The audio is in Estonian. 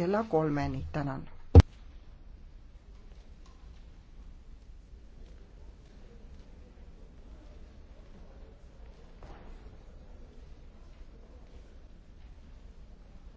kella kolmeni, tänan